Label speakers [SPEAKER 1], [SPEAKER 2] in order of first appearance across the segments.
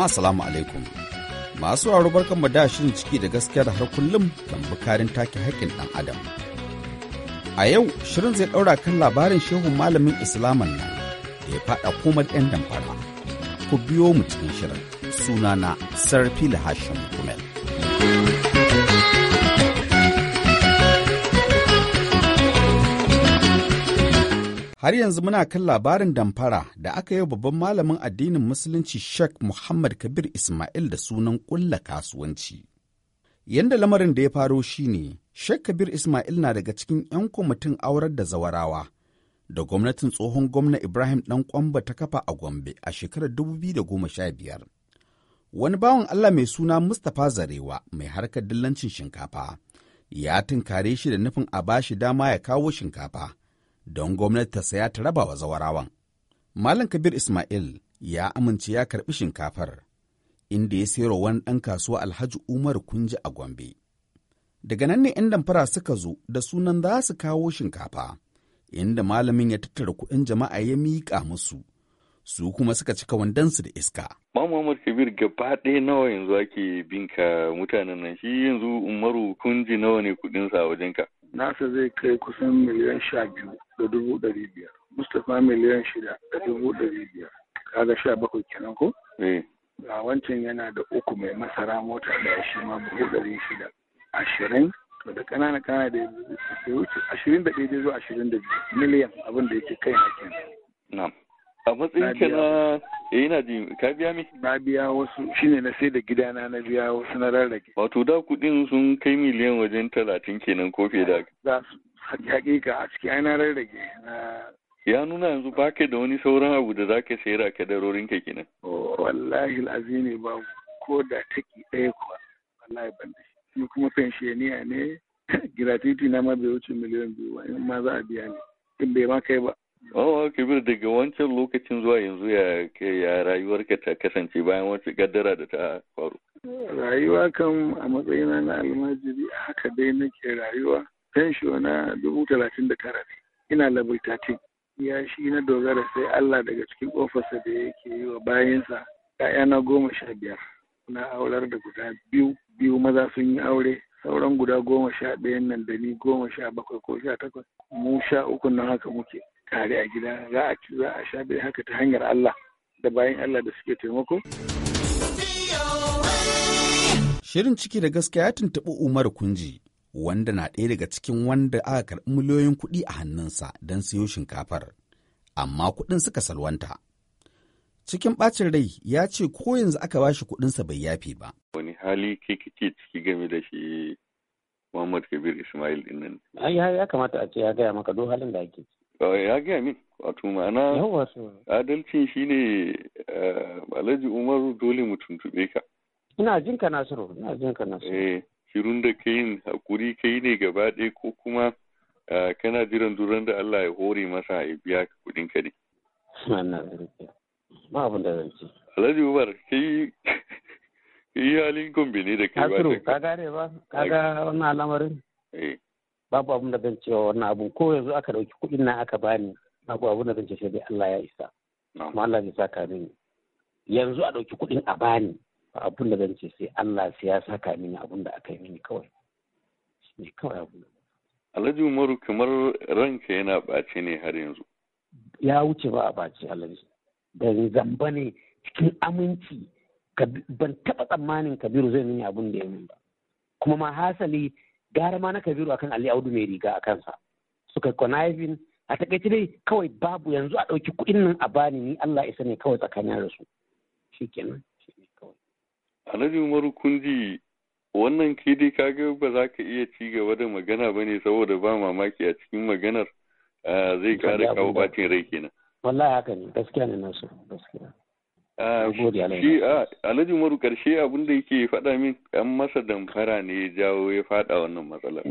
[SPEAKER 1] jama'a salamu alaikum masu raro barkan mu da shirin ciki da gaskiya da har kullum kan bukarin take haƙƙin ɗan adam a yau shirin zai ɗaura kan labarin shehun malamin islaman nan da ya faɗa komar 'yan damfara ku biyo mu cikin shirin sunana sarfi hashim kumel Har yanzu muna kan labarin damfara da aka yi babban malamin addinin Musulunci Sheikh Muhammad Kabir Ismail da sunan ƙulla kasuwanci. Yanda lamarin da ya faro shi ne, Sheikh Kabir Ismail na daga cikin 'yan kwamitin aurar da zawarawa da gwamnatin tsohon gwamna Ibrahim ɗan kwamba ta kafa a Gombe a shekarar 2015. Wani bawan Allah mai suna Mustapha Zarewa mai harkar dillancin shinkafa ya tunkare shi da nufin a bashi dama ya kawo shinkafa. don gwamnati ta saya ta raba wa zawarawan. Malam Kabir Ismail ya amince ya karɓi shinkafar, inda ya sayarwa wani ɗan kasuwa Alhaji Umar Kunji a Gombe. Daga nan ne 'yan damfara suka zo da sunan za su kawo shinkafa, inda malamin ya tattara kuɗin jama'a ya miƙa musu. su kuma suka cika wandonsu da iska.
[SPEAKER 2] Muhammad Kabir gaba ɗaya nawa yanzu ake binka mutanen nan shi yanzu Umaru kunji nawa ne kuɗinsa a wajenka?
[SPEAKER 3] nasa zai kai kusan miliyan sha biyu da dubu ɗari biyar mustapha miliyan shida da dubu ɗari biyar kaga sha bakwai kenan ko eh. ga wancan yana da uku mai masara mota da shi ma dubu ɗari shida ashirin to da ƙanana ƙanana da ya wuce ashirin da ɗaya zuwa ashirin da biyu miliyan abin da yake kai na kenan
[SPEAKER 2] a matsayin ka na eh na ji ka biya mi na
[SPEAKER 3] biya wasu shine na sai da gidana na biya wasu na rarrage
[SPEAKER 2] wato da kudin sun kai miliyan wajen talatin kenan ko fiye da
[SPEAKER 3] za su hakika a cikin ai na rarrage
[SPEAKER 2] ya nuna yanzu ba ka da wani sauran abu da za sayar a kadarorin ka kenan
[SPEAKER 3] oh, wallahi alazimi ba ko da take ɗaya kuwa wallahi ban da shi kuma pensioniya ne gratuity na ma bai wuce miliyan biyu ba in ma za a biya ni. in bai ma kai ba
[SPEAKER 2] Oh, Kabir daga wancan lokacin zuwa yanzu ya ke ya rayuwarka ta kasance bayan wacce gaddara da ta faru.
[SPEAKER 3] Rayuwa kan a matsayina na almajiri a haka dai nake rayuwa. Fensho na dubu talatin da tara ne. Ina level thirteen. Ya shi na dogara sai Allah daga cikin ofisa da yake yi wa bayansa. ‘Ya'yana goma sha biyar. Na aurar da guda biyu, biyu maza sun yi aure, sauran guda goma sha ɗayan nan da ni goma sha bakwai ko sha takwas. Mu sha uku nan haka muke. Kare a gida za a ci za a sha bai haka ta hanyar Allah da bayan Allah da suke taimako.
[SPEAKER 1] Shirin ciki da gaskiya ya tuntuɓi Umar Kunji wanda na ɗaya daga cikin wanda aka karɓi miliyoyin kuɗi a hannunsa don siyo shinkafar, amma kuɗin suka salwanta. Cikin ɓacin rai ya ce ko yanzu aka ba bashi kuɗinsa bai yafe ba.
[SPEAKER 2] Wani hali ke kike ciki game da shi Muhammad Kabir Ismail ɗin nan.
[SPEAKER 4] Ya kamata a ce ya gaya maka do halin da ake ciki.
[SPEAKER 2] ya gaya min wato ma'ana adalcin shine eh, alhaji umar dole mu tuntube ka
[SPEAKER 4] ina jin ka nasiru ina jin ka nasiru
[SPEAKER 2] eh shirun da ka yin hakuri ka yi ne gaba ɗaya ko kuma eh, kana jiran duran da Allah ya hore masa ya biya ka kudin ka ne
[SPEAKER 4] ba abin da zan ci
[SPEAKER 2] alhaji umar kai yi halin gombe ne da kai ba ka
[SPEAKER 4] gane ba ka ga wannan al'amarin babu abin da zan cewa wannan abun ko yanzu aka ɗauki kuɗin na aka bani babu abin da zan ce sai dai Allah ya isa kuma Allah zai saka mini yanzu a ɗauki kuɗin a bani Ba abin da zan ce sai Allah sai ya saka mini abin da aka yi mini kawai ne kawai abin
[SPEAKER 2] Alhaji Umaru kamar ranka yana ɓace ne har yanzu
[SPEAKER 4] ya wuce ba a ɓace Alhaji da zamba ne cikin aminci ban taɓa tsammanin Kabiru zai mini abin da ya min ba kuma ma hasali gara ma na kabiru akan ali audu mai riga a kansa suka conniving a takaice dai kawai babu yanzu a ɗauki kuɗin nan a bani ni Allah isa ne kawai tsakanin da su shi ne kawai
[SPEAKER 2] Alhaji Umaru Kundi wannan ke dai kaga ba za ka iya ci gaba da magana ba ne saboda ba mamaki a cikin maganar ah, zai kara kawo bacin rai kenan
[SPEAKER 4] wallahi haka ne gaskiya ne nasu gaskiya Ah, shi ah,
[SPEAKER 2] alhaji umaru karshe abin da yake faɗa min an masa damfara ne ya jawo ya faɗa wannan
[SPEAKER 4] matsalar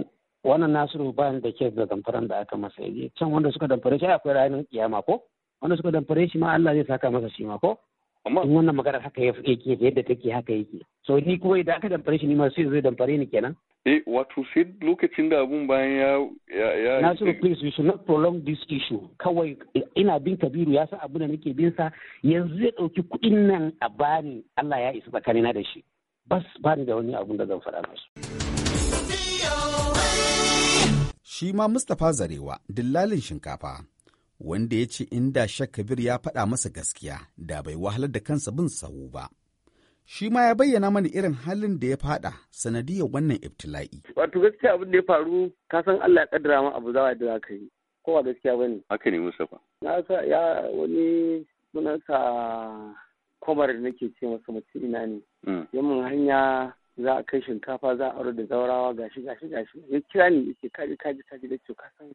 [SPEAKER 4] wannan nasiru bayan da ke da damfaran da aka masa yaje can wanda suka damfare shi akwai ranar kiyama ko wanda suka damfare shi ma Allah zai saka masa shi ma ko amma wannan magana haka ya yake yadda take haka yake so ni kuma idan aka damfare shi ni ma sai zai damfare ni kenan
[SPEAKER 2] eh wato sai lokacin da abun bayan ya ya Nasiru please
[SPEAKER 4] we should not prolong this issue kawai ina bin Kabiru ya san abin da nake bin sa yanzu zai dauki kuɗin nan a bani Allah ya isa na da shi bas bani da wani abun da zan faɗa musu
[SPEAKER 1] shi ma Mustapha Zarewa dillalin shinkafa wanda ya ce inda Shakabir ya faɗa masa gaskiya da bai wahalar da kansa bin sahu ba. Shi ma ya bayyana mana irin halin da ya faɗa sanadiyar wannan ibtila'i. Wato
[SPEAKER 5] gaskiya abin da ya faru ka san Allah ya kaddara ma abu zawa da ka yi. Ko ba gaskiya bane. Haka ne fa. Na sa ya wani sa kwamar da nake ce masa mace ina ne. Hmm. Yamin hanya za a kai shinkafa za a aro da zaurawa gashi gashi gashi ya kira ni yake kaji kaji kaji da ce ka san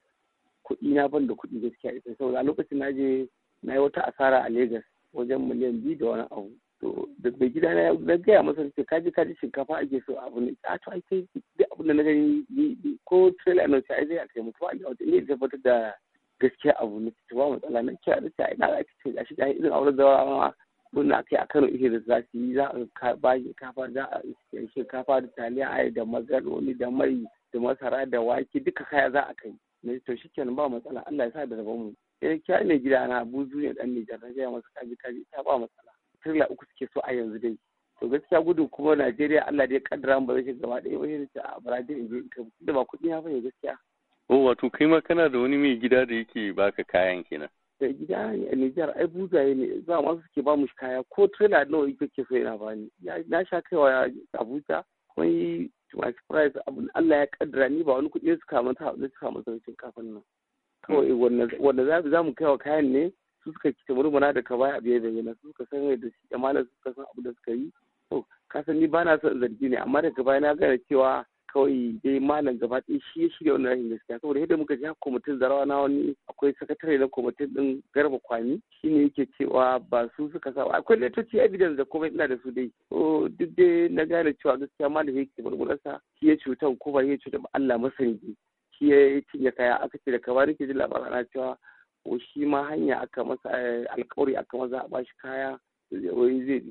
[SPEAKER 5] kuɗi na ban da kuɗi gaskiya ita saboda a lokacin na je na yi wata asara a Legas wajen miliyan biyu da wani abu to da bai gida na ya gaya masa ce kaji kaji shinkafa ake so abu ne a ah, to ake sai duk abin da na gani ko trailer na sai zai a kai mutuwa a wata ne tabbatar da gaskiya abu ne ta ba matsala na kira da ta ina ake ce gashi da irin auren zawa ma mun na kai a Kano ihe da za su yi za a ba shinkafa za a shinkafa da taliya ai da magaroni da mai da masara da wake duka kaya za a kai na to shikenan ba matsala Allah ya sa da rabon mu eh kya ne gida na buzu ne dan Nijar na gaya masa kaji kaji ta ba matsala tirla uku suke so a yanzu dai to gaskiya gudu kuma Najeriya Allah dai kaddara mu ba zai gaba ɗaya ba ne a Brazil in je in da ba kuɗi ya bane gaskiya
[SPEAKER 2] oh wato kai ma kana da wani mai gida da yake baka kayan kenan
[SPEAKER 5] da gida ne a Nijar ai buzaye ne ba masu suke ba mu kaya ko trailer nawa yake so yana bani na sha kaiwa Abuja kun yi to my surprise abin Allah ya kaddara ni ba wani kuɗi ya suka masa ya suka masa rashin kafin nan kawai wanda za mu kai wa kayan ne su suka kice murmuna da ka baya da bayyana su suka san yadda shi da malam suka san abu da suka yi to ka san ni bana son zargi ne amma daga baya na gane cewa kawai dai malam gaba ɗaya shi ya shirya wannan rashin gaskiya saboda yadda muka ji kwamitin zarawa na wani akwai sakatare na kwamitin ɗin garba kwami ne yake cewa ba su suka sa akwai letoci evidence da komai ina da su dai ko duk dai na gane cewa gaskiya malam yake sa shi ya cutan ko ba ya cuta ba Allah masani shi ya cinye kaya aka ce da kamar nake ji labarin ana cewa ko shi ma hanya aka masa eh, alkawari aka maza a bashi kaya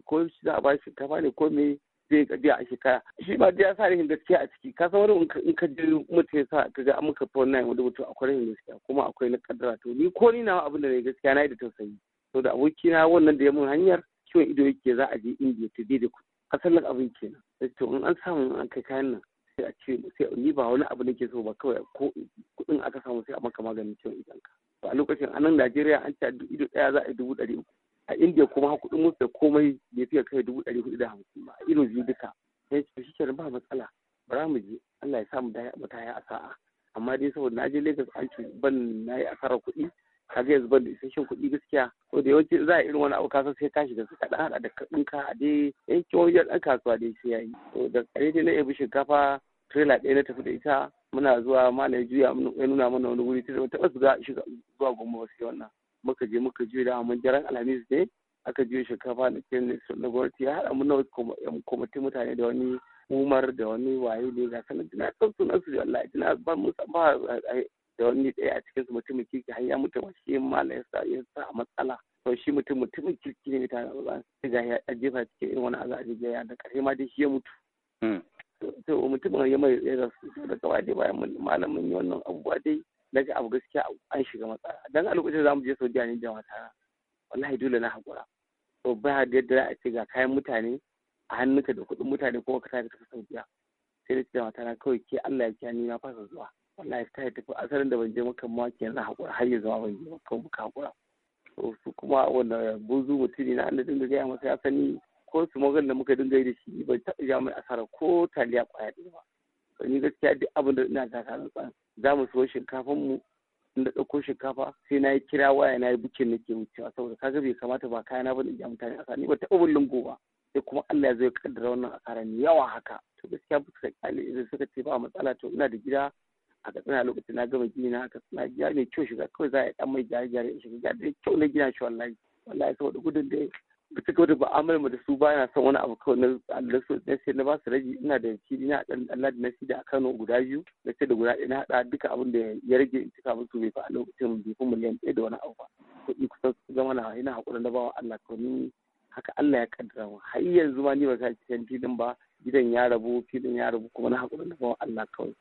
[SPEAKER 5] ko za a bashi kafa ne ko me zai ka biya a shekara shi ma ya sa rahin gaskiya a ciki ka san wani in ka je mutum ya sa ka ga an muka fawon nayin wani mutum akwai rahin gaskiya kuma akwai na kaddara to ni ko ni na abin da ne gaskiya na yi da tausayi to da na wannan da ya mun hanyar kiwon ido yake za a je indiya ta je da kuɗi asalin abin kenan eh to in an samu an kai kayan nan sai a ce sai ni ba wani abu nake so ba kawai ko kuɗin aka samu sai a maka maganin kiwon idan ka a lokacin a Najeriya an ce ido ɗaya za a yi dubu ɗari uku a indiya kuma kuɗin musu da komai ne fiye kai dubu ɗari hudu da hamsin ba irin biyu duka sai ce shi ba matsala za mu je Allah ya samu daya mu taya asa'a amma dai saboda na je Lagos an ci ban na yi asarar kuɗi ga yanzu ban da isasshen kuɗi gaskiya ko da yawanci za a irin wani abu kasa sai ka shiga suka ɗan haɗa da ka a dai yankin wajen ɗan kasuwa dai sai yi to da kare dai na yabi shinkafa tirela ɗaya na tafi da ita muna zuwa ma na juya ya nuna mana wani wuri ta taɓa shiga zuwa gombe wasu wannan muka je muka juya da mun jaran alhamis ne aka juya shinkafa na cikin na gwamnati ya haɗa mun na kwamitin eh, mutane da wani umar da wani waye ne ga sanar jina san sunan su wallahi jina ban musa ba eh, da wani ɗaya a cikin su mutumin kirki har ya mutu shi mala ya sa ya sa matsala to shi mutum mutumin kirki ne ta ba ga ya jefa cikin irin wani azabi ya da ƙarshe ma dai shi ya mutu hmm. to mutumin ya mai ya da kawai dai bayan malamin yi wannan abubuwa dai daga abu gaskiya an shiga matsala dan a lokacin zamu je Saudiya ne da mata wallahi dole na hakura to ba da yadda za a ce ga kayan mutane a hannunka da kuɗin mutane kuma ka tafi ka Saudiya sai da ce da na kawai ke Allah ya kiyaye ni na fasa zuwa wallahi ta tafi asalin da ban je maka ma kenan na hakura har ya zama ban je maka hakura to su kuma wanda buzu mutum na Allah dinga gaya masa ya sani ko su magan da muka dinga yi da shi ban taɓa ja mai asara ko taliya kwaya da ba ni gaskiya duk abin da ina ta tsan za mu siyo shinkafan mu in da ɗauko shinkafa sai na yi kira waya na yi bukin ke wucewa saboda kaga bai kamata ba kayana ba da ja mutane a ni ba ta ubin lungo ba sai kuma Allah ya zo ya kaddara wannan asara ne yawa haka to gaskiya ba suka kyale idan suka ce ba matsala to ina da gida a katsina lokacin na gama gini na haka suna gida kyau shiga kawai za a yi ɗan mai gyare gyare shiga gida da kyau na gina shi wallahi wallahi saboda gudun da bisa kawai da ba'amalar mu da su ba na son wani abu kawai na allasu na sai na ba su rage ina da yanki ina dan Allah da na shi da Kano guda biyu na ce da guda ina na haɗa duka abin da ya rage in cika musu bai fa a lokacin bai fi miliyan ɗaya da wani abu ba kuɗi kusan su zama na ina haƙuri na bawa Allah to ni haka Allah ya kaddara mu har yanzu ma ni ba ka cikin filin ba gidan ya rabu filin ya rabu kuma na haƙuri na bawa Allah kawai.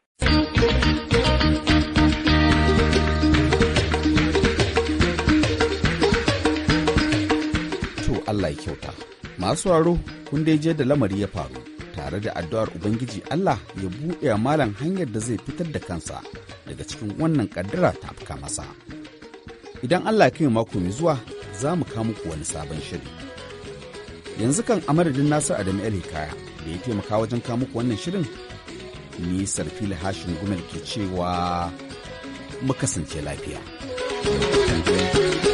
[SPEAKER 1] ya kyauta masu sauraro kun dai je da lamari ya faru tare da addu'ar ubangiji Allah ya buɗe malam hanyar da zai fitar da kansa daga cikin wannan kaddara ta afka masa idan Allah ya kai mako mai zuwa za mu kawo muku wani sabon shiri yanzu kan a madadin Nasir Adamu El Hikaya da ya taimaka wajen kawo muku wannan shirin ni Sarfili Hashim Gumel ke cewa mu kasance lafiya. thank you